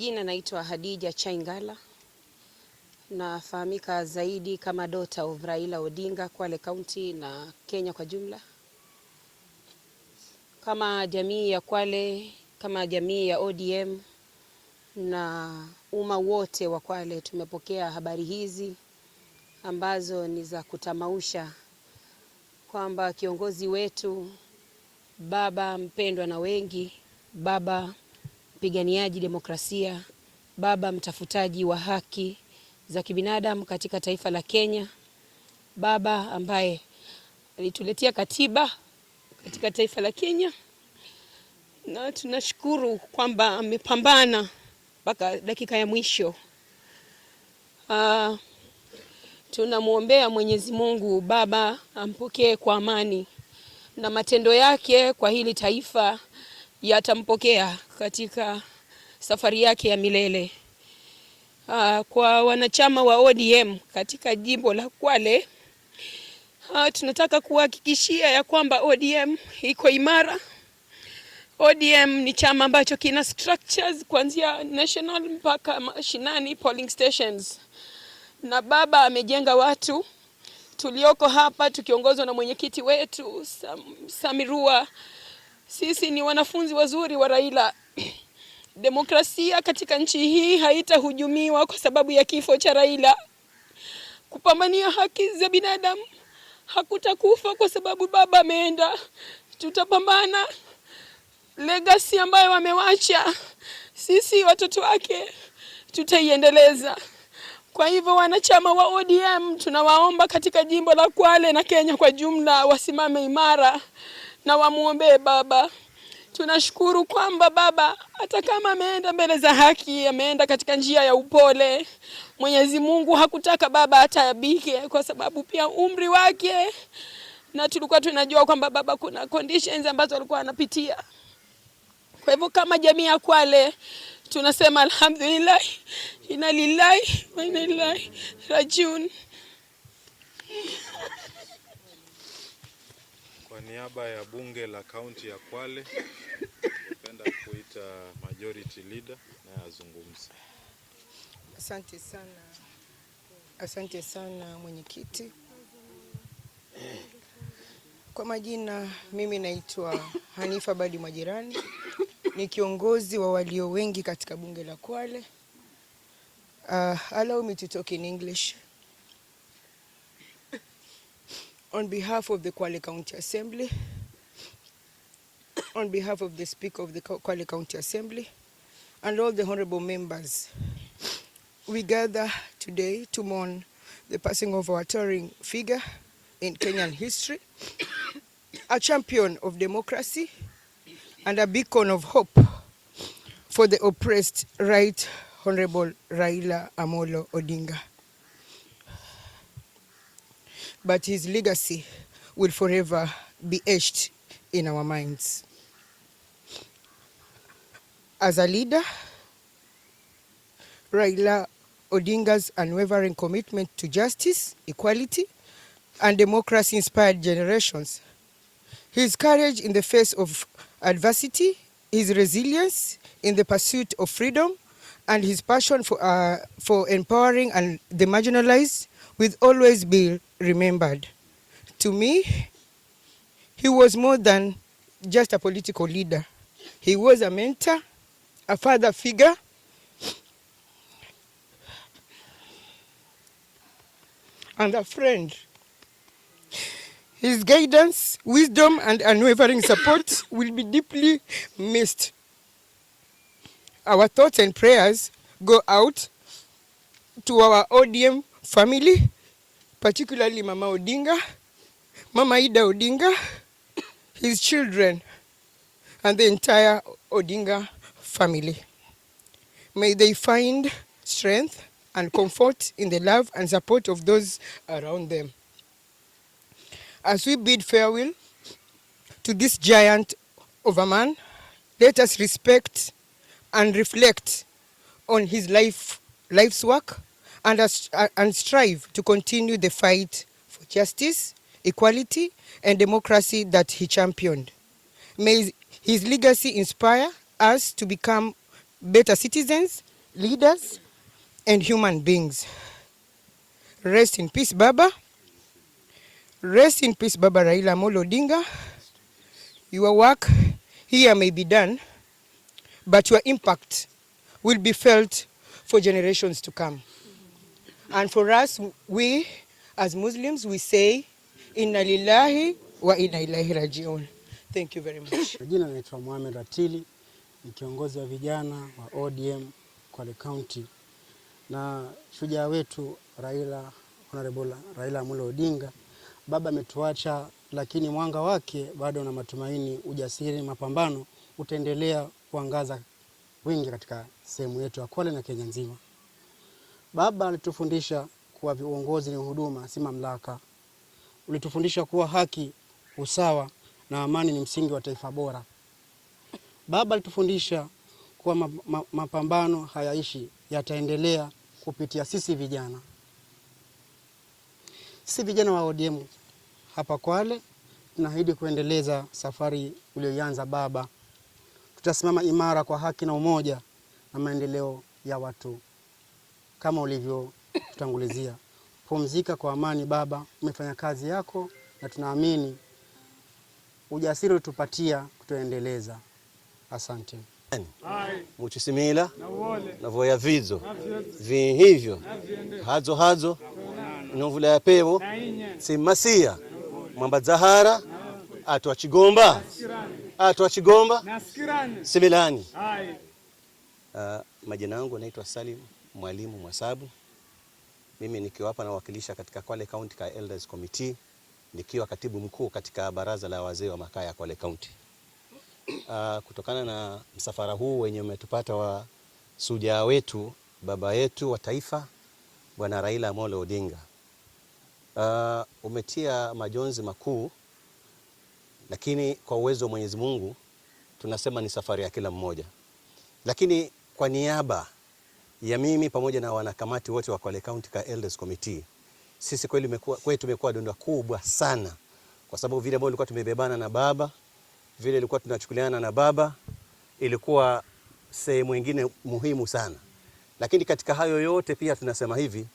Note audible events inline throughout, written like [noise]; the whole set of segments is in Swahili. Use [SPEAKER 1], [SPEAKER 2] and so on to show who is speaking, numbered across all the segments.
[SPEAKER 1] Jina naitwa Hadija Chaingala, nafahamika zaidi kama daughter of Raila Odinga, Kwale County na Kenya kwa jumla. Kama jamii ya Kwale, kama jamii ya ODM na umma wote wa Kwale, tumepokea habari hizi ambazo ni za kutamausha kwamba kiongozi wetu, baba mpendwa na wengi, baba mpiganiaji demokrasia, baba mtafutaji wa haki za kibinadamu katika taifa la Kenya, baba ambaye alituletea katiba katika taifa la Kenya, na tunashukuru kwamba amepambana mpaka dakika ya mwisho. Uh, tunamwombea Mwenyezi Mungu Baba ampokee kwa amani na matendo yake kwa hili taifa yatampokea katika safari yake ya milele. Aa, ah, kwa wanachama wa ODM katika jimbo la Kwale aa, ah, tunataka kuhakikishia ya kwamba ODM iko imara. ODM ni chama ambacho kina structures kuanzia national mpaka mashinani polling stations, na baba amejenga watu tulioko hapa tukiongozwa na mwenyekiti wetu Sam, Samirua sisi ni wanafunzi wazuri wa Raila. [clears throat] Demokrasia katika nchi hii haitahujumiwa kwa sababu ya kifo cha Raila. Kupambania haki za binadamu hakutakufa kwa sababu baba ameenda. Tutapambana legasi ambayo wamewacha, sisi watoto wake tutaiendeleza. Kwa hivyo wanachama wa ODM tunawaomba katika jimbo la Kwale na Kenya kwa jumla wasimame imara na wamwombee Baba. Tunashukuru kwamba Baba, hata kama ameenda mbele za haki, ameenda katika njia ya upole. Mwenyezi Mungu hakutaka Baba ataabike, kwa sababu pia umri wake, na tulikuwa tunajua kwamba Baba kuna conditions ambazo alikuwa anapitia. Kwa hivyo kama jamii ya Kwale tunasema alhamdulillah, inna lillahi wa inna ilaihi rajiun
[SPEAKER 2] niaba ya bunge la kaunti ya Kwale ningependa kuita majority leader na azungumze.
[SPEAKER 3] Asante sana, asante sana mwenyekiti. Kwa majina, mimi naitwa Hanifa Badi Mwajirani, ni kiongozi wa walio wengi katika bunge la Kwale. Uh, allow me to talk in English. On behalf of the Kwale County Assembly, on behalf of the Speaker of the Kwale County Assembly and all the honorable members, we gather today to mourn the passing of our towering figure in Kenyan history, a champion of democracy and a beacon of hope for the oppressed right honorable Raila Amolo Odinga. but his legacy will forever be etched in our minds. As a leader, Raila Odinga's unwavering commitment to justice, equality, and democracy inspired generations. His courage in the face of adversity, his resilience in the pursuit of freedom, and his passion for, uh, for empowering and the marginalized will always be remembered. To me, he was more than just a political leader. He was a mentor, a father figure. And a friend. His guidance, wisdom, and unwavering support [coughs] will be deeply missed. Our thoughts and prayers go out to our ODM family, particularly Mama Odinga, Mama Ida Odinga, his children, and the entire Odinga family. May they find strength and comfort in the love and support of those around them. As we bid farewell to this giant of a man, let us respect and reflect on his life, life's work and, uh, and strive to continue the fight for justice, equality, and democracy that he championed. May his legacy inspire us to become better citizens, leaders, and human beings. Rest in peace, Baba. Rest in peace, Baba Raila Amolo Your work here may be done, but your impact will be felt for generations to come. And for us, we as Muslims, we say inna lillahi wa inna ilaihi rajiun. Thank you very much.
[SPEAKER 4] Jina naitwa Mohamed Ratili, ni kiongozi wa vijana wa ODM Kwale County, na shujaa wetu Raila, Honorable Raila Amolo Odinga, baba ametuacha, lakini mwanga wake bado na matumaini, ujasiri, mapambano utaendelea kuangaza wingi katika sehemu yetu ya Kwale na Kenya nzima. Baba alitufundisha kuwa uongozi ni huduma, si mamlaka. Ulitufundisha kuwa haki, usawa na amani ni msingi wa taifa bora. Baba alitufundisha kuwa mapambano hayaishi, yataendelea kupitia sisi vijana. Sisi vijana wa ODM hapa Kwale tunaahidi kuendeleza safari uliyoianza Baba. Tutasimama imara kwa haki na umoja na maendeleo ya watu kama ulivyotutangulizia. Pumzika kwa amani baba, umefanya kazi yako na tunaamini ujasiri utupatia kutuendeleza. Asante
[SPEAKER 5] muchisimila navoya vidzo hivyo hadzo hadzo novula ya pevo simmasia mwamba dzahara atu wa chigomba atu wa chigomba similani.
[SPEAKER 6] Uh, majina yangu anaitwa Salimu Mwalimu Mwasabu, mimi nikiwa hapa nawakilisha katika Kwale County ka Elders Committee nikiwa katibu mkuu katika baraza la wazee wa makaa ya Kwale County. Uh, kutokana na msafara huu wenye umetupata wa sujaa wetu baba yetu wa taifa Bwana Raila Amolo Odinga uh, umetia majonzi makuu, lakini kwa uwezo wa Mwenyezi Mungu tunasema ni safari ya kila mmoja, lakini kwa niaba ya mimi pamoja na wanakamati wote wa Kwale County ka Elders Committee, sisi kweli tumekuwa kwetu imekuwa donda kubwa sana, kwa sababu vile ambavyo ilikuwa tumebebana na baba, vile ilikuwa tunachukuliana na baba, ilikuwa sehemu nyingine muhimu sana. Lakini katika hayo yote pia tunasema hivi,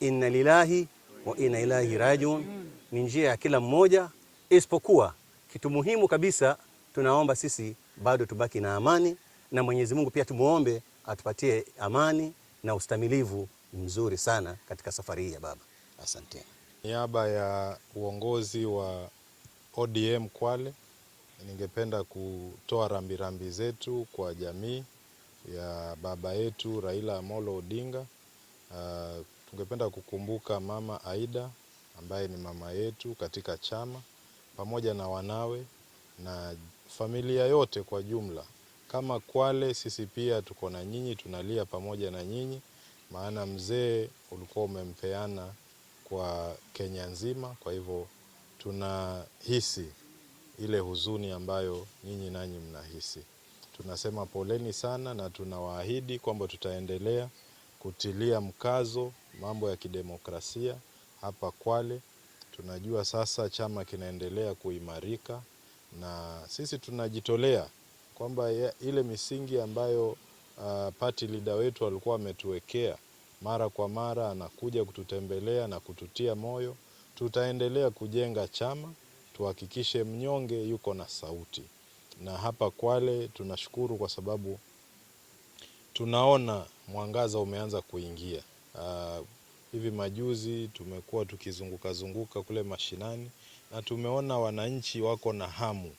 [SPEAKER 6] inna lillahi wa inna ilahi rajiun, ni njia ya kila mmoja, isipokuwa kitu muhimu kabisa, tunaomba sisi bado tubaki na amani, na Mwenyezi Mungu pia tumuombe atupatie amani na ustamilivu mzuri sana katika safari hii ya baba. Asante.
[SPEAKER 7] Niaba ya uongozi wa ODM Kwale, ningependa kutoa rambirambi rambi zetu kwa jamii ya baba yetu Raila Amolo Odinga. Uh, tungependa kukumbuka mama Aida ambaye ni mama yetu katika chama pamoja na wanawe na familia yote kwa jumla. Kama Kwale, sisi pia tuko na nyinyi, tunalia pamoja na nyinyi, maana mzee ulikuwa umempeana kwa Kenya nzima. Kwa hivyo tunahisi ile huzuni ambayo nyinyi nanyi mnahisi. Tunasema poleni sana, na tunawaahidi kwamba tutaendelea kutilia mkazo mambo ya kidemokrasia hapa Kwale. Tunajua sasa chama kinaendelea kuimarika, na sisi tunajitolea kwamba ile misingi ambayo uh, party leader wetu alikuwa ametuwekea mara kwa mara, anakuja kututembelea na kututia moyo, tutaendelea kujenga chama, tuhakikishe mnyonge yuko na sauti. Na hapa Kwale tunashukuru kwa sababu tunaona mwangaza umeanza kuingia. Uh, hivi majuzi tumekuwa tukizunguka zunguka kule mashinani na tumeona wananchi wako na hamu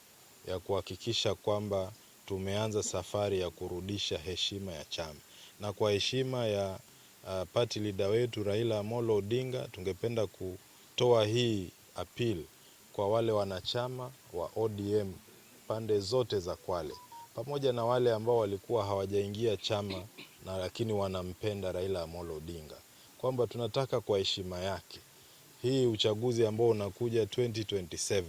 [SPEAKER 7] ya kuhakikisha kwamba tumeanza safari ya kurudisha heshima ya chama. Na kwa heshima ya uh, party leader wetu Raila Amolo Odinga, tungependa kutoa hii appeal kwa wale wanachama wa ODM pande zote za Kwale, pamoja na wale ambao walikuwa hawajaingia chama na lakini wanampenda Raila Amolo Odinga, kwamba tunataka kwa heshima yake hii uchaguzi ambao unakuja 2027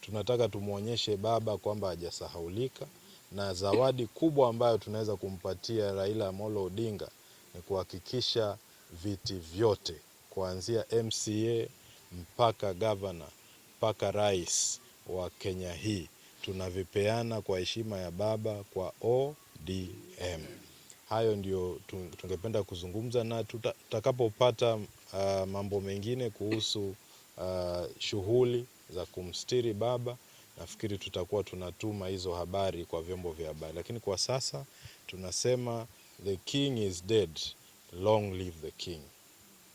[SPEAKER 7] tunataka tumwonyeshe baba kwamba hajasahaulika na zawadi kubwa ambayo tunaweza kumpatia Raila Amolo Odinga ni kuhakikisha viti vyote kuanzia MCA mpaka gavana mpaka rais wa Kenya hii tunavipeana kwa heshima ya baba kwa ODM. Hayo ndio tungependa kuzungumza, na tutakapopata uh, mambo mengine kuhusu uh, shughuli za kumstiri baba nafikiri tutakuwa tunatuma hizo habari kwa vyombo vya habari, lakini kwa sasa tunasema the king is dead, long live the king.